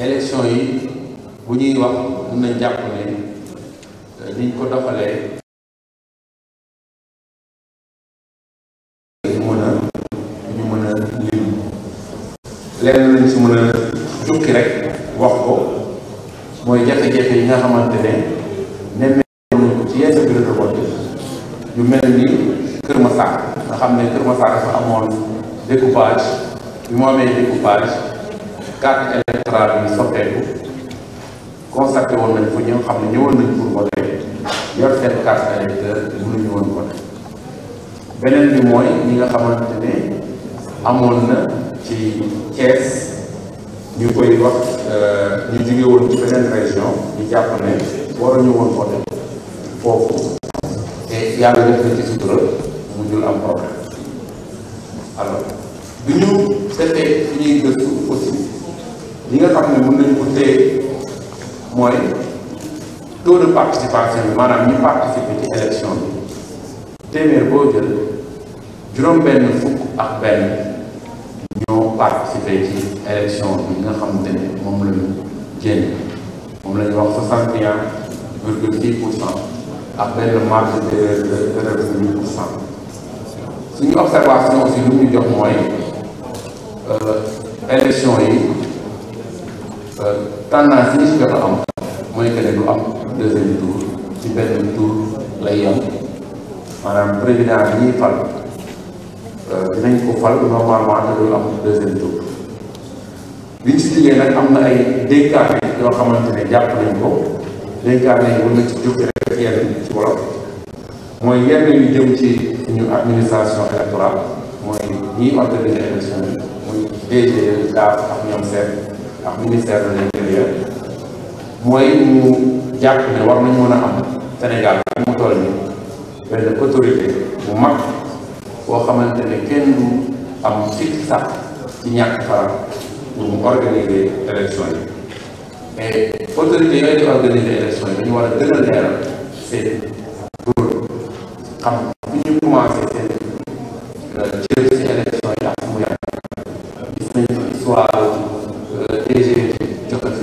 élection yi bu ñuy wax mun nañ jàpp ne euh, niñ ko doxalee ñu mën ñu mën a lim lenn si mën a jukki rek wax ko mooy jafe-jafe yi nga xamante ne nemmeeku nañ ko ci yenn bureau de vote yu mel ni Kër Massar nga xam ne Kër Massar dafa amoon découpage bi mu amee découpage carte xabaar yi soppeeku woon nañ ko ñi nga xam ne ñëwoon nañ beneen bi mooy ñi nga xamante ne amoon na ci Thiès ñu koy wax euh, ñu jóge woon ci beneen région ñu jàpp ne waruñu woon foofu te yàlla def na ci sutura mu dul am problème alors bi ñu seetee fi ñuy gëstu aussi li nga xam ne mën nañu ko téye mooy taux de participation bi maanaam ñi participer ci élection bi téeméer boo jël juróom-benn fukk ak benn ñoo participer ci élection bi nga xamante ne moom la ñu moom la wax soixante et virgule dix pour cent ak benn marge d'erreur de erreur de huit pour cent suñu observation aussi lu ñu jox mooy euh, élection yi. Euh, tendance yi si jot a am mooy que ne am deuxième tour ci benn tour lay yem maanaam président bi fal euh, dinañ ko fal normalement te du am deuxième tour biñ si jógee nag am na ay dénkaane yoo xamante ne jàpp nañ ko dénkaane yi mën ci jukki rek yenn ci wolof mooy yenn yu jëm ci suñu administration électorale mooy ñiy organiser élection yi muy e, ñoom seen ak ministère de l'intérieur mooy ñu jàpp ne war nañu a am Sénégal fi mu toll nii benn bu mag boo xamante ne kenn am sikk sax ci ñàkk faral pour mu organiser élection yi et autorité yooyu di organiser élection yi dañu war a gën a leeral seen xam fi ñu commencé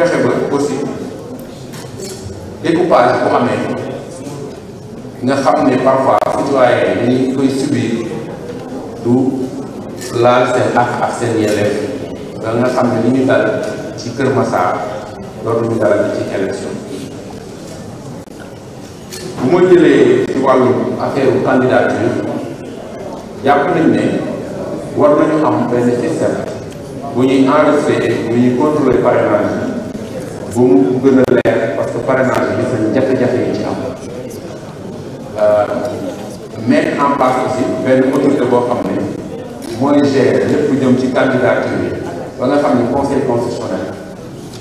fexe ba aussi découpage bu amee nga xam ne parfois citoyen yi ñu koy subir du laal seen ak ak seen yelleef da nga xam ne ni ñu dal ci Kër Massar loolu ñu dal ci élection bu ma jëlee ci wàllu affaire candidature jàpp nañ ne war nañu am benn système bu ñuy enregistré bu ñuy contrôler parrainage ba mu gën a leer parce que parrainage bi gis nañ jafe-jafe yi ci am euh, mettre en place aussi benn autorité boo xam ne mooy gérer lépp jëm ci candidature yi ba nga xam ne conseil constitutionnel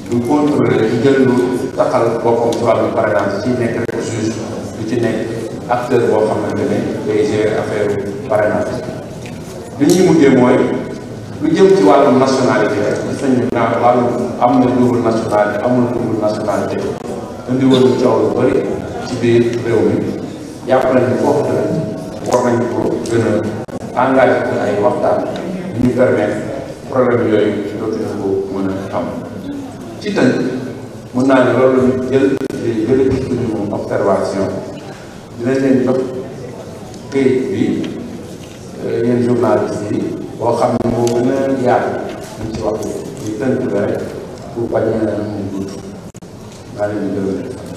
du contrôler du jël lu taxal boppam ci wàllu parrainage ci nekk rek juge du ci nekk acteur boo xam ne day gérer affaire parrainage bi li ñuy mujjee mooy. lu jëm ci wàllum nationalité rek gis nañu naa wàllu am na double nationalité amul double nationalité indi woon ñu coow lu bëri ci biir réew mi jàpp nañu foofu tamit war nañu ko gën a engagé ko ay waxtaan yu ñu permettre problème yooyu dootuñu ko mën a am ci tënk mën naa ne loolu ñu jël jële ci suñu observation dinañ leen jox këyit bi euh, yéen journaliste yi boo xam ne moo yaatu dañ ci wax li tënk la rek pour bañ a mu gudd maa ngi leen di